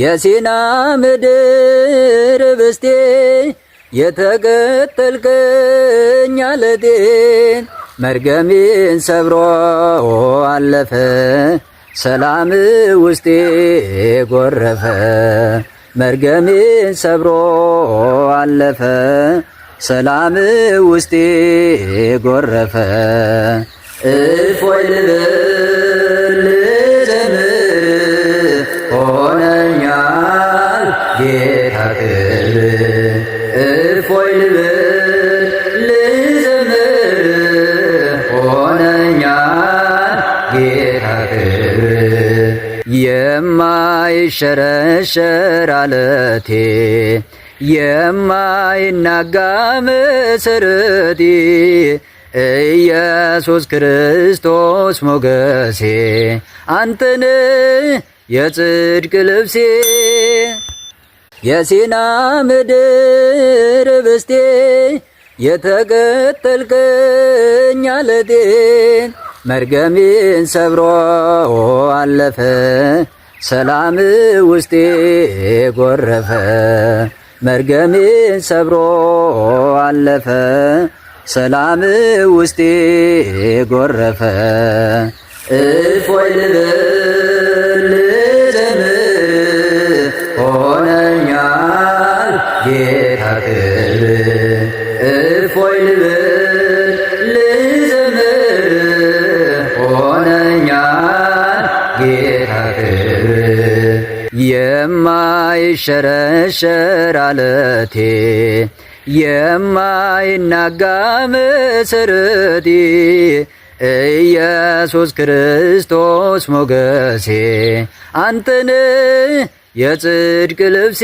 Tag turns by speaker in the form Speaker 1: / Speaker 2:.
Speaker 1: የሲና ምድር ብስቴ የተገተልከኝ አለቴን መርገሜን ሰብሮ አለፈ። ሰላም ውስጤ ጎረፈ። መርገሜን ሰብሮ አለፈ። ሰላም ውስጤ ጎረፈ። እፎይ ልበል ጌታ ቅርብ እፎይ ልዘምር ሆነኛል ጌታ የማይሸረሸር አለቴ የማይናጋ መሰረቴ ኢየሱስ ክርስቶስ ሞገሴ አንተን የጽድቅ ልብሴ የሲና ምድር ብስቴ የተቀጠልከኝ አለቴ መርገሜን ሰብሮ አለፈ ሰላም ውስጤ ጎረፈ መርገሜን ሰብሮ አለፈ ሰላም ውስጤ ጎረፈ እፎይ ልበል ጌታ ክብር እፎይ ልብል ልዘምር ሆነኛል ጌታ ክብር የማይሸረሸር አለቴ የማይናጋ መሰረቴ ኢየሱስ ክርስቶስ ሞገሴ አንተን የጽድቅ ልብሴ